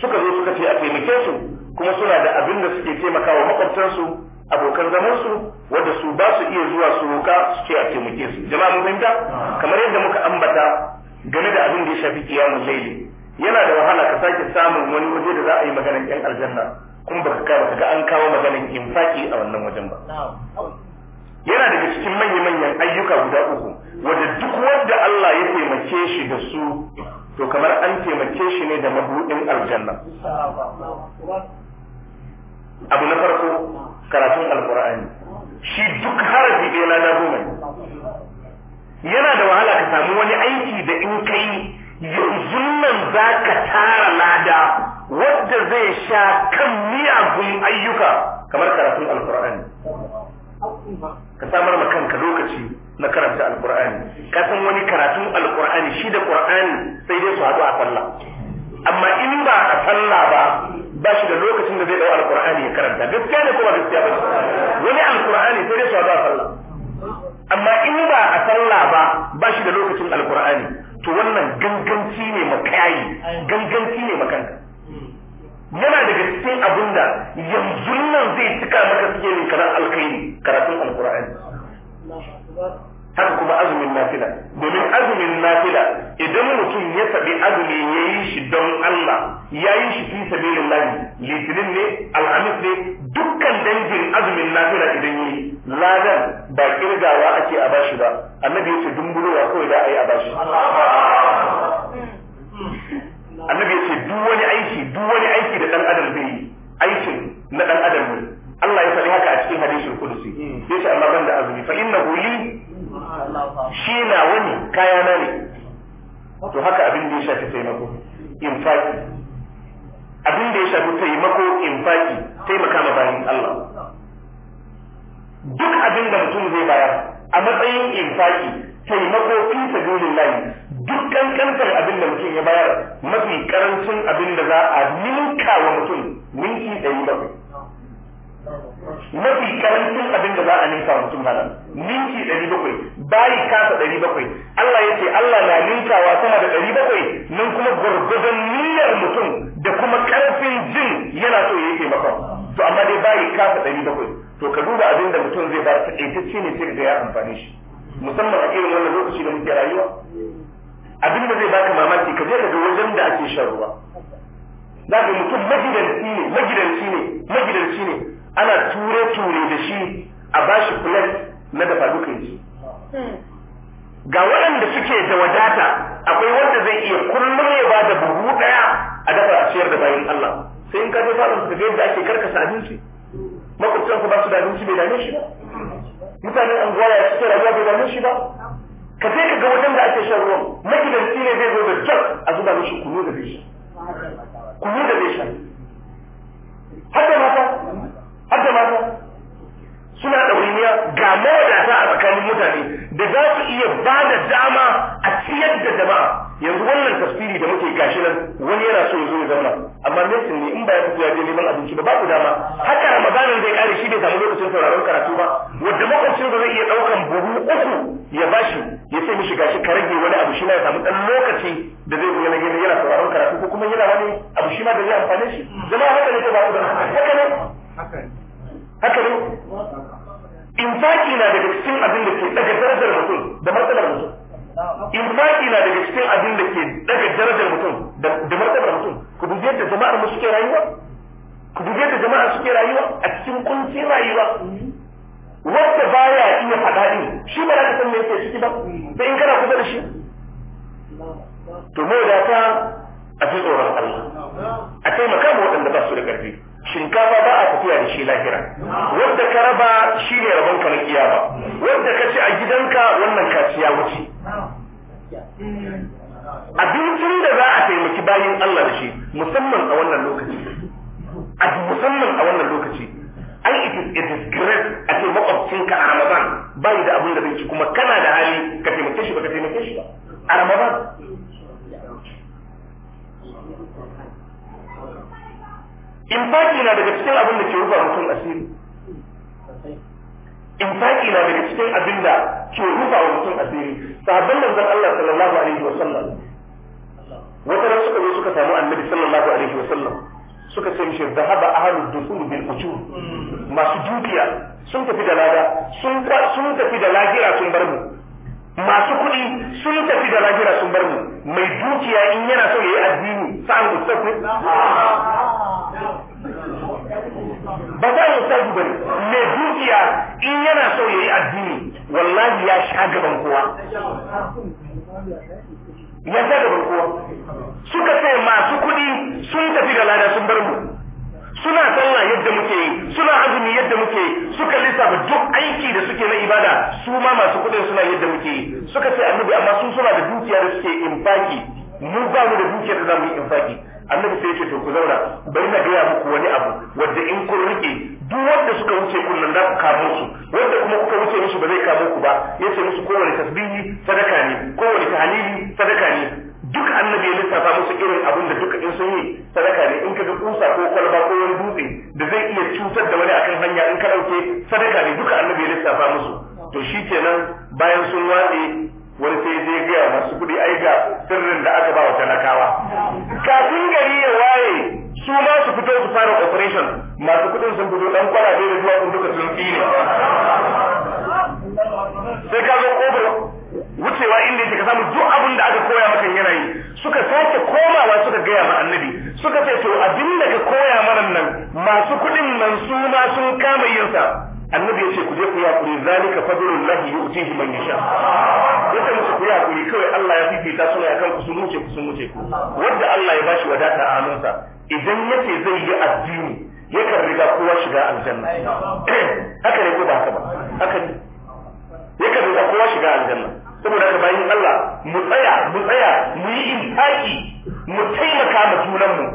suka zo suka ce a taimake su kuma suna da abin da suke taimakawa makwabtansu abokan zaman su wanda su ba su iya zuwa su roka su ce a taimake su jama'a mun fahimta kamar yadda muka ambata game da abin da ya shafi kiyamul laili yana da wahala ka sake samun wani waje da za a yi maganar yan aljanna kuma baka ka baka ga an kawo maganar infaki a wannan wajen ba yana daga cikin manyan manyan ayyuka guda uku wanda duk wanda Allah ya taimake shi da su to kamar an taimake shi ne da mabuɗin aljanna abu na farko karatun alkur'ani shi duk harafi ɗaya na goma ne yana da wahala ka samu wani aiki da in kai yanzu nan za ka tara lada wadda zai sha kan miyagun ayyuka kamar karatun alkur'ani ka samar ma kanka lokaci na karanta alkur'ani ka san wani karatun alkur'ani shi da ƙur'ani sai dai su haɗu a sallah amma in ba a sallah ba ba shi da lokacin da zai dau alqur'ani ya karanta gaskiya ne kuma gaskiya ba wani alqur'ani sai dai shawara sallah amma in ba a sallah ba ba shi da lokacin alqur'ani to wannan ganganci ne makayi ganganci ne makanka yana daga cikin abinda yanzu nan zai cika maka cikin karatun alkhairi karatun alqur'ani haka kuma azumin nafila domin azumin nafila idan mutum ya tabi azumi ya yi shi don Allah ya yi shi fi lillahi litinin ne alhamis ne dukkan dangin azumin nafila idan yi ladan ba kirgawa ake a bashi ba annabi ya ce dumbulowa kawai da a yi a bashi annabi ya ce duk wani aiki duk wani aiki da dan adam zai yi aikin na dan adam ne Allah ya faɗi haka a cikin hadisul kudusi yace amma banda azumi fa innahu li shi na wani kaya na ne to haka abin da ya shafi taimako infaki abin da ya shafi taimako infaki taimaka ma bayan Allah duk abin da mutum zai bayar a matsayin infaki taimako fi layi, duk kankantar abin da mutum ya bayar mafi karancin abin da za a ninka wa mutum ninki ɗari bakwai mafi karancin abin da za a ninka mutum mana ninki ɗari bakwai bayi kasa ɗari bakwai Allah ya ce Allah na ninkawa sama da ɗari bakwai nan kuma gwargwadon niyyar mutum da kuma karfin jin yana so ya yi taimakon to amma dai bayi kasa ɗari bakwai to ka duba abin da mutum zai bayar taƙaitacce ne sai da ya amfani shi musamman a irin wannan lokaci da muke rayuwa abin da zai baka mamaki ka je ka ga wajen da ake shan ruwa za ka mutum magidanci ne magidanci ne magidanci ne ana ture-ture da shi a bashi plan na dafa duka yi ga waɗanda suke da wadata akwai wanda zai iya kullum ya ba da buhu ɗaya a dafa a ciyar da bayan Allah sai in ka je faɗin su ga yadda ake karkasa abinci makwabtan ku ba su da abinci bai dame shi ba mutanen anguwa ya suke rayuwa bai dame shi ba ka je ka ga wajen da ake shan ruwan magidanci ne zai zo da jar a zuba mishi kunu da bai sha kunu da bai sha haka mata mata suna ɗawainiya ga mawadata a tsakanin mutane da za su iya ba da dama a ciyar da jama'a yanzu wannan tasiri da muke gashi nan wani yana so ya zo ya zauna amma nesin ne in ba ya fito ya je neman abinci ba babu dama haka ramadanin zai kare shi bai samu lokacin sauraron karatu ba wanda makwabcin zai iya ɗaukan buhu uku ya bashi ya ce mishi gashi ka rage wani abu shi ma ya samu ɗan lokaci da zai zo yana yana sauraron karatu ko kuma yana wani abu shi ma da zai amfane shi zama haka ne ta da haka ne haka ne infaki na daga cikin abin da ke daga darajar mutum da martabar mutum infaki na daga cikin abin da ke daga darajar mutum da martabar mutum ku dubi yadda jama'ar mu suke rayuwa ku dubi yadda jama'ar suke rayuwa a cikin kunci rayuwa wanda baya iya faɗa din shi ba za ka san me yake ciki ba sai in kana kusa da shi to mu da ta a ji tsoron Allah a taimaka ma waɗanda ba su da ƙarfi shinkafa ba a tafiya da shi lahira wanda ka raba shi ne rabon ka na kiyama wanda ka ci a gidanka wannan kaciya wuce abincin da za a taimaki bayan Allah da shi musamman a wannan lokaci a musamman a wannan lokaci ai it is it is great a ce makwabcinka a Ramadan bai da abin da bai ci kuma kana da hali ka taimake shi ba ka taimake shi ba a Ramadan infaki na daga cikin abin da ke rufa mutum asiri infaki na daga cikin abin da ke rufa wa mutum asiri sahabban manzon Allah sallallahu alaihi wa sallam wata da suka zo suka samu annabi sallallahu alaihi wa sallam suka ce mishi zahaba ahlu dukhul bil qutub masu dukiya sun tafi da lada sun sun tafi da lahira sun bar mu masu kuɗi sun tafi da lahira sun bar mu mai dukiya in yana so yayi addini sa'an tafi ba za mu sa gubani mai dukiya in yana so ya yi addini wallahi ya sha gaban kowa ya sha gaban kowa suka ce masu kuɗi sun tafi da lada sun bar mu suna sallah yadda muke yi suna azumi yadda muke yi suka lissafa duk aiki da suke na ibada su ma masu kuɗin suna yadda muke yi suka ce annabi amma sun suna da dukiya da suke infaki mu ba mu da dukiya da za mu yi infaki annabi sai ce to ku zauna bari na gaya muku wani abu wanda in kun rike duk wanda suka wuce kun nan za ku kamo su wanda kuma kuka wuce musu ba zai kamo ku ba yace musu kowane tasbihi sadaka ne kowane tahlili sadaka ne duk annabi ya lissafa musu irin abun da duka in sun yi sadaka ne in ka ga kusa ko kwalba ko wani dutse da zai iya cutar da wani akan hanya in ka dauke sadaka ne duka annabi ya lissafa musu to shi kenan bayan sun watse wani sai zai gaya masu kuɗi ai ga sirrin da aka ba wa talakawa kafin gari ya waye su ma su fito su fara operation masu kudin sun fito dan kwalabe da zuwa kun duka sun tsine sai ka zo kofar wucewa inda yake ka samu duk abin da aka koya maka yana yi suka sake komawa suka gaya ma annabi suka ce to abin da ka koya mana nan masu kudin nan su ma sun kama yinsa annabi ya ce ku je ku yaƙuri zalika fadlul lahi yu'tihi man yasha duk da ku hakuri kawai Allah ya fifita suna akan ku sun wuce ku sun wuce ku wanda Allah ya bashi wadata a hannunsa idan yace zai yi addini yakan riga kowa shiga aljanna [CLEARS THROAT] haka ne ko ba haka ba haka ne yakan riga kowa shiga aljanna saboda haka bayin Allah mu tsaya mu tsaya mu yi intaki mu taimaka ma junanmu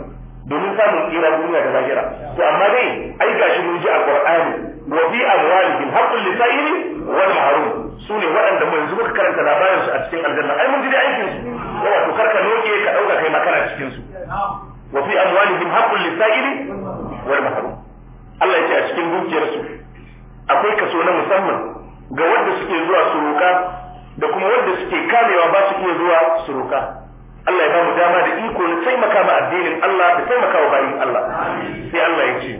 domin samun tsira duniya da lahira to amma dai ai gashi mun ji a Qur'ani wa fi amwalihim haqqul lisa'il wal mahrum su ne waɗanda mu yanzu muka karanta labarin su a cikin aljanna ai mun ji aikin su yawa to ka noke ka ɗauka kai makana cikin su Wafi wa fi amwalihim haqqul lisa'il wani mahrum Allah ya ce a cikin dukiyar su akwai kaso na musamman ga wanda suke zuwa su roka da kuma wanda suke kamewa ba su iya zuwa su roka Allah ya ba mu dama da iko na taimaka ma addinin Allah da taimaka wa bayin Allah sai Allah ya ce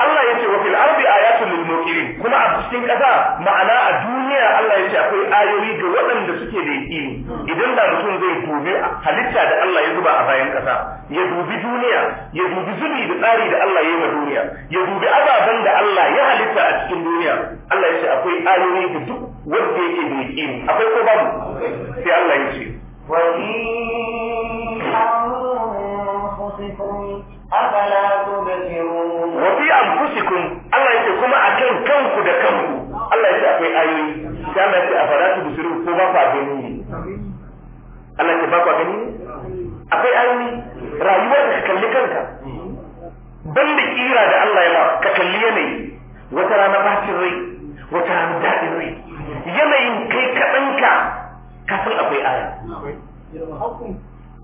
Allah ya ce wa fil ardi ayatul lil muqinin kuma a cikin kasa ma'ana a duniya Allah ya ce akwai ayoyi ga waɗanda suke da yaqini idan da mutum zai dubi halitta da Allah ya zuba a bayan kasa ya dubi duniya ya dubi zubi da tsari da Allah ya yi ma duniya ya dubi ababen da Allah ya halitta a cikin duniya Allah ya ce akwai ayoyi ga duk wadda yake da yaqini akwai ko babu sai Allah ya ce wa fi anfusikum Allah ya ce kuma a kan kanku da kanku Allah ya ce akwai ayoyi sai Allah ya ce afaratu busiru ko ba ku gani Allah ya ce ba ku gani akwai ayoyi rayuwar ka kalli kanka ban da kira da Allah ya ma ka kalli yanayi wata rana bacin rai wata rana daɗin rai yanayin kai kaɗanka kafin akwai aya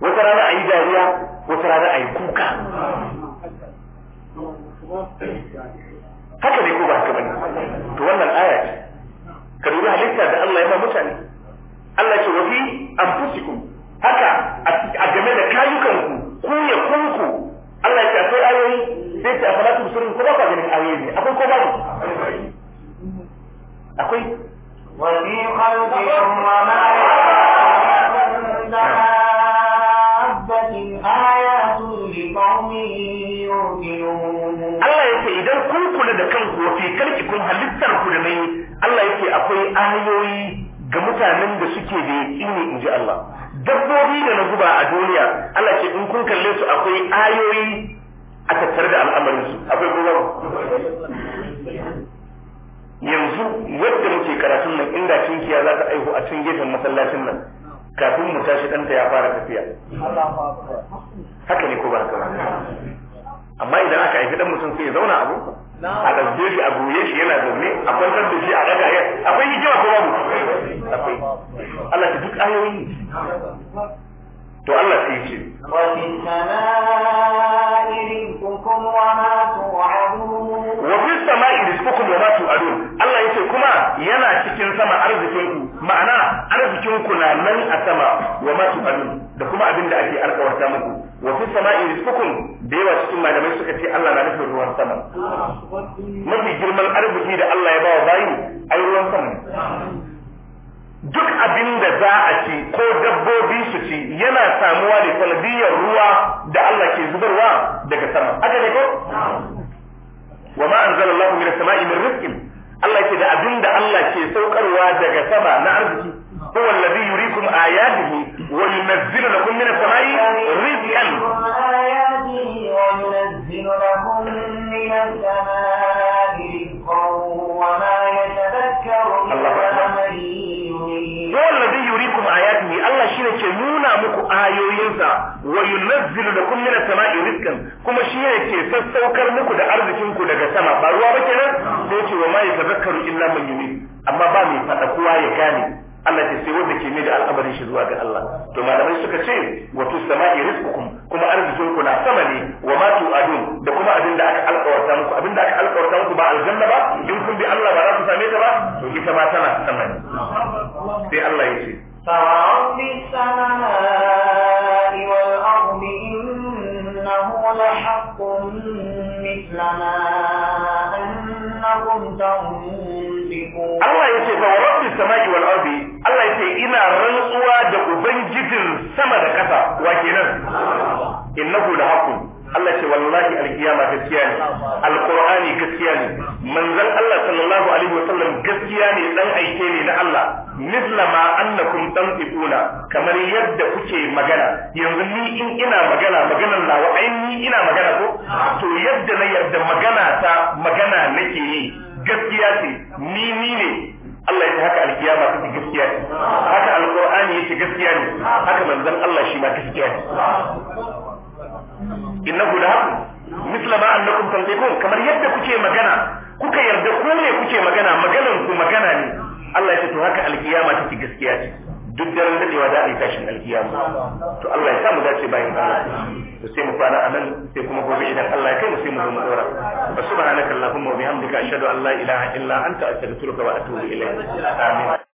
wata rana a yi dariya wata rana a yi kuka haka dai ko ba ka bane to wannan aya ce ka dubi halitta da Allah ya ba mutane Allah ce wafi an anfusikum haka a game da kayukanku ku ya kunku Allah ya ce akwai ayoyi sai ce afala tusirun ko ba ka gani ayoyi ne akwai ko babu akwai وفي خلقكم وما يعلم دابة آيات لقوم يوقنون الله يقول إذا كن كل دكانك وفي خلقكم هل تركوا لمن Allah yake akwai ayoyi ga mutanen da suke da yaƙini in ji Allah. Dabbobi da na guba a duniya, Allah ce in kun kalle su akwai ayoyi a tattare da al'amarinsu, akwai kuma yanzu wadda muke karatun nan inda tunkiya za ta aihu a cin gefen masallacin nan kafin mu tashi ɗanta ya fara tafiya haka ne ko ba amma idan aka haifi dan mutum sai ya zauna abu a ɗauke shi a goye shi yana zaune a kwantar da shi a ɗaga yau. akwai hikima ko babu akwai Allah ta duk ayoyi to Allah sai ce wa fi sama'i rizqukum wa ma tu'adun Allah yace kuma yana cikin sama arzikin ku ma'ana arzikin ku na nan a sama wa ma tu'adun da kuma abin da ake alkawarta muku wa fi sama'i rizqukum da yawa cikin malamai suka ce Allah na nufin ruwan sama mafi girman arziki da Allah ya ba wa bayi ai ruwan sama duk abin da za a ci ko dabbobi su ci yana samuwa ne sanadiyar ruwa da Allah ke zubarwa daga sama haka ne ko wa ma anzalallahu min as-sama'i min rizqin Allah ke da abin da Allah ke saukarwa daga sama na arziki huwa alladhi yuriikum ayatihi wa yunazzilu lakum min as-sama'i rizqan وينزل لكم من السماء رزقا وما يتذكر yuri kuma yuriikum ayatihi Allah ne ke nuna muku ayoyinsa wa da lakum min as-sama'i rizqan kuma shine ke sassaukar muku da arzikinku daga sama ba ruwa ba kenan sai ce wa ma yatazakkaru illa man yunib amma ba mai fada kowa ya gane Allah ce sai wanda ke mai da al'amarin shi zuwa ga Allah to malamai suka ce wa tu sama'i rizqukum kuma arzikin ku na sama ne wa ma tu'adun da kuma abin da aka alƙawarta muku abin da aka alƙawarta muku ba aljanna ba in kun bi Allah ba za ku same ta ba to ita ma tana sama ne sai Allah ya ce فرب السماء والأرض إنه لحق مثل ما أنكم تنطقون الله يسير فرب السماء والأرض Allah ya ce ina rantsuwa da ubangijin sama da ƙasa wa kenan innahu da haqqun Allah ce wallahi alkiyama gaskiya ne alqur'ani gaskiya ne manzon Allah sallallahu alaihi wasallam gaskiya ne dan aike ne na Allah misla ma annakum tanfiquna kamar yadda kuke magana yanzu ni in ina magana maganar nawa ai ni ina magana ko to yadda na yarda magana ta magana nake yi gaskiya ce ni ni ne Allah ya haka alkiyama ta gaskiya ne haka alqur'ani yake gaskiya ne haka manzon Allah shi ma gaskiya ne innahu la misla ma annakum tanfiqun kamar yadda kuke magana kuka yarda ko ne kuke magana maganar ku magana ne Allah ya ce to haka alkiyama ta gaskiya ne duk daren dadewa da a tashin alkiyama to Allah ya samu dace bayan Allah to sai mu fara anan sai kuma gobe idan Allah ya kai mu sai mu zo mu dora allahumma wa bihamdika ashhadu an la ilaha illa anta astaghfiruka wa atubu ilayk amin